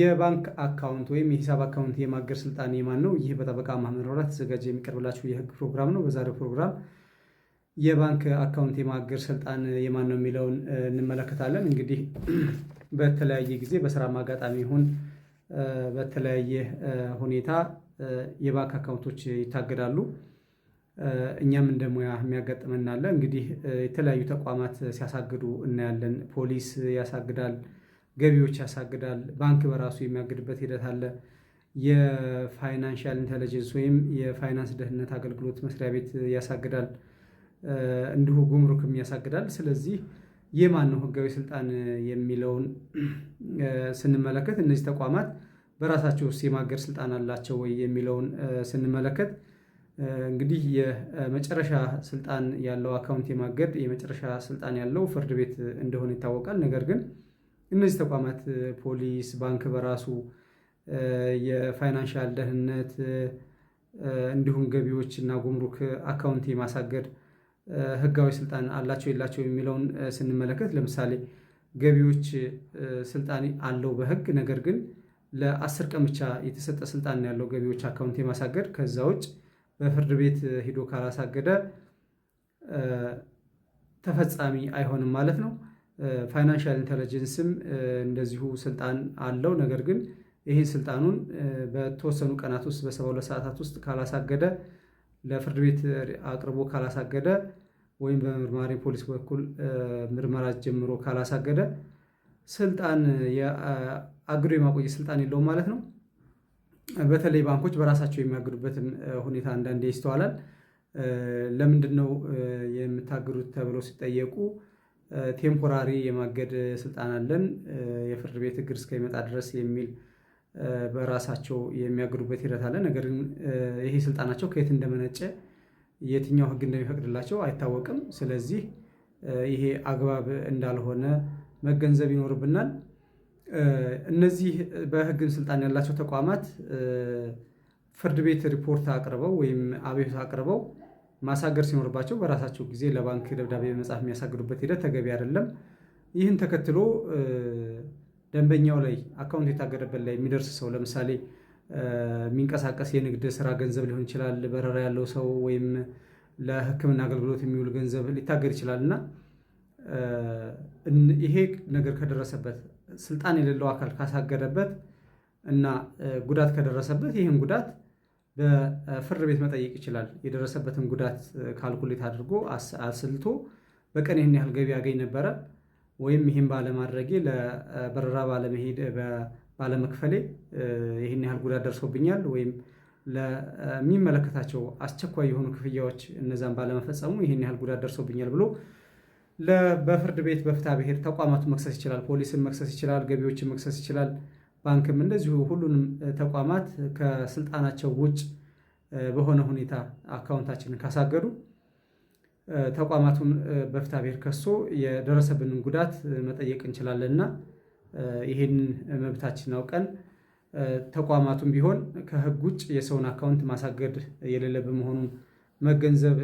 የባንክ አካውንት ወይም የሂሳብ አካውንት የማገር ስልጣን የማን ነው? ይህ በጠበቃ ማህመድ ወራት ተዘጋጀ የሚቀርብላችሁ የህግ ፕሮግራም ነው። በዛሬው ፕሮግራም የባንክ አካውንት የማገር ስልጣን የማን ነው የሚለውን እንመለከታለን። እንግዲህ በተለያየ ጊዜ በስራ አጋጣሚ ይሁን በተለያየ ሁኔታ የባንክ አካውንቶች ይታገዳሉ። እኛም እንደ ሙያ የሚያጋጥመናለ እንግዲህ የተለያዩ ተቋማት ሲያሳግዱ እናያለን። ፖሊስ ያሳግዳል። ገቢዎች ያሳግዳል። ባንክ በራሱ የሚያግድበት ሂደት አለ። የፋይናንሻል ኢንተለጀንስ ወይም የፋይናንስ ደህንነት አገልግሎት መስሪያ ቤት ያሳግዳል። እንዲሁ ጉምሩክም ያሳግዳል። ስለዚህ የማን ነው ህጋዊ ስልጣን የሚለውን ስንመለከት እነዚህ ተቋማት በራሳቸው ውስጥ የማገድ ስልጣን አላቸው ወይ የሚለውን ስንመለከት እንግዲህ የመጨረሻ ስልጣን ያለው አካውንት የማገድ የመጨረሻ ስልጣን ያለው ፍርድ ቤት እንደሆነ ይታወቃል። ነገር ግን እነዚህ ተቋማት ፖሊስ፣ ባንክ በራሱ የፋይናንሻል ደህንነት እንዲሁም ገቢዎች እና ጉምሩክ አካውንት የማሳገድ ህጋዊ ስልጣን አላቸው የላቸው የሚለውን ስንመለከት ለምሳሌ ገቢዎች ስልጣን አለው በህግ ነገር ግን ለአስር ቀን ብቻ የተሰጠ ስልጣን ያለው ገቢዎች አካውንት የማሳገድ ከዛ ውጭ በፍርድ ቤት ሂዶ ካላሳገደ ተፈጻሚ አይሆንም ማለት ነው። ፋይናንሻል ኢንተለጀንስም እንደዚሁ ስልጣን አለው። ነገር ግን ይሄ ስልጣኑን በተወሰኑ ቀናት ውስጥ በሰባ ሁለት ሰዓታት ውስጥ ካላሳገደ ለፍርድ ቤት አቅርቦ ካላሳገደ ወይም በምርማሪ ፖሊስ በኩል ምርመራ ጀምሮ ካላሳገደ ስልጣን አግዶ የማቆየት ስልጣን የለውም ማለት ነው። በተለይ ባንኮች በራሳቸው የሚያግዱበትን ሁኔታ አንዳንዴ ይስተዋላል። ለምንድን ነው የምታግዱት ተብለው ሲጠየቁ ቴምፖራሪ የማገድ ስልጣን አለን የፍርድ ቤት እግድ እስከሚመጣ ድረስ የሚል በራሳቸው የሚያግዱበት ሂደት አለ። ነገር ግን ይሄ ስልጣናቸው ከየት እንደመነጨ የትኛው ህግ እንደሚፈቅድላቸው አይታወቅም። ስለዚህ ይሄ አግባብ እንዳልሆነ መገንዘብ ይኖርብናል። እነዚህ በሕግም ስልጣን ያላቸው ተቋማት ፍርድ ቤት ሪፖርት አቅርበው ወይም አቤቱታ አቅርበው ማሳገር ሲኖርባቸው በራሳቸው ጊዜ ለባንክ ደብዳቤ በመጻፍ የሚያሳግዱበት ሂደት ተገቢ አይደለም። ይህን ተከትሎ ደንበኛው ላይ አካውንት የታገደበት ላይ የሚደርስ ሰው ለምሳሌ የሚንቀሳቀስ የንግድ ስራ ገንዘብ ሊሆን ይችላል፣ በረራ ያለው ሰው ወይም ለሕክምና አገልግሎት የሚውል ገንዘብ ሊታገድ ይችላል እና ይሄ ነገር ከደረሰበት ስልጣን የሌለው አካል ካሳገደበት እና ጉዳት ከደረሰበት ይህን ጉዳት በፍርድ ቤት መጠየቅ ይችላል። የደረሰበትን ጉዳት ካልኩሌት አድርጎ አስልቶ በቀን ይህን ያህል ገቢ ያገኝ ነበረ ወይም ይህን ባለማድረጌ ለበረራ ባለመሄድ ባለመክፈሌ ይህን ያህል ጉዳት ደርሶብኛል ወይም ለሚመለከታቸው አስቸኳይ የሆኑ ክፍያዎች እነዛን ባለመፈጸሙ ይህን ያህል ጉዳት ደርሶብኛል ብሎ በፍርድ ቤት በፍታ ብሔር ተቋማቱ መክሰስ ይችላል። ፖሊስን መክሰስ ይችላል። ገቢዎችን መክሰስ ይችላል። ባንክም እንደዚሁ ሁሉንም ተቋማት ከስልጣናቸው ውጭ በሆነ ሁኔታ አካውንታችንን ካሳገዱ ተቋማቱን በፍትሐ ብሔር ከሶ የደረሰብንን ጉዳት መጠየቅ እንችላለን እና ይህንን መብታችን አውቀን ተቋማቱም ቢሆን ከህግ ውጭ የሰውን አካውንት ማሳገድ የሌለብን መሆኑን መገንዘብ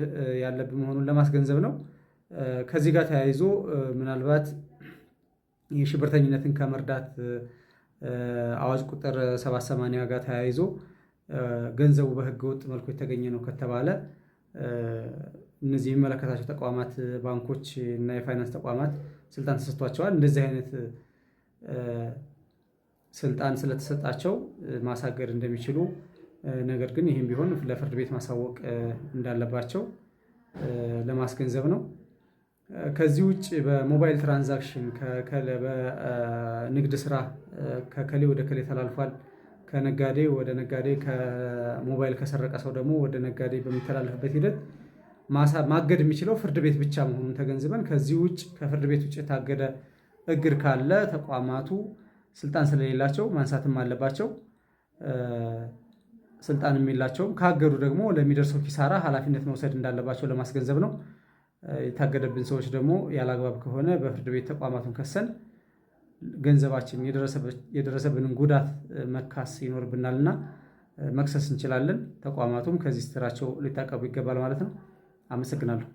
ያለብን መሆኑን ለማስገንዘብ ነው። ከዚህ ጋር ተያይዞ ምናልባት የሽብርተኝነትን ከመርዳት አዋጅ ቁጥር 780 ጋር ተያይዞ ገንዘቡ በህገወጥ መልኩ የተገኘ ነው ከተባለ እነዚህ የሚመለከታቸው ተቋማት ባንኮች እና የፋይናንስ ተቋማት ስልጣን ተሰጥቷቸዋል። እንደዚህ አይነት ስልጣን ስለተሰጣቸው ማሳገድ እንደሚችሉ ነገር ግን ይህም ቢሆን ለፍርድ ቤት ማሳወቅ እንዳለባቸው ለማስገንዘብ ነው። ከዚህ ውጭ በሞባይል ትራንዛክሽን በንግድ ስራ ከከሌ ወደ ከሌ ተላልፏል፣ ከነጋዴ ወደ ነጋዴ፣ ከሞባይል ከሰረቀ ሰው ደግሞ ወደ ነጋዴ በሚተላለፍበት ሂደት ማገድ የሚችለው ፍርድ ቤት ብቻ መሆኑን ተገንዝበን ከዚህ ውጭ ከፍርድ ቤት ውጭ የታገደ እግር ካለ ተቋማቱ ስልጣን ስለሌላቸው ማንሳትም አለባቸው። ስልጣን የሚላቸውም ካገዱ ደግሞ ለሚደርሰው ኪሳራ ኃላፊነት መውሰድ እንዳለባቸው ለማስገንዘብ ነው። የታገደብን ሰዎች ደግሞ ያላግባብ ከሆነ በፍርድ ቤት ተቋማቱን ከሰን ገንዘባችን የደረሰብንን ጉዳት መካስ ይኖርብናልና መክሰስ እንችላለን። ተቋማቱም ከዚህ ስራቸው ሊታቀቡ ይገባል ማለት ነው። አመሰግናለሁ።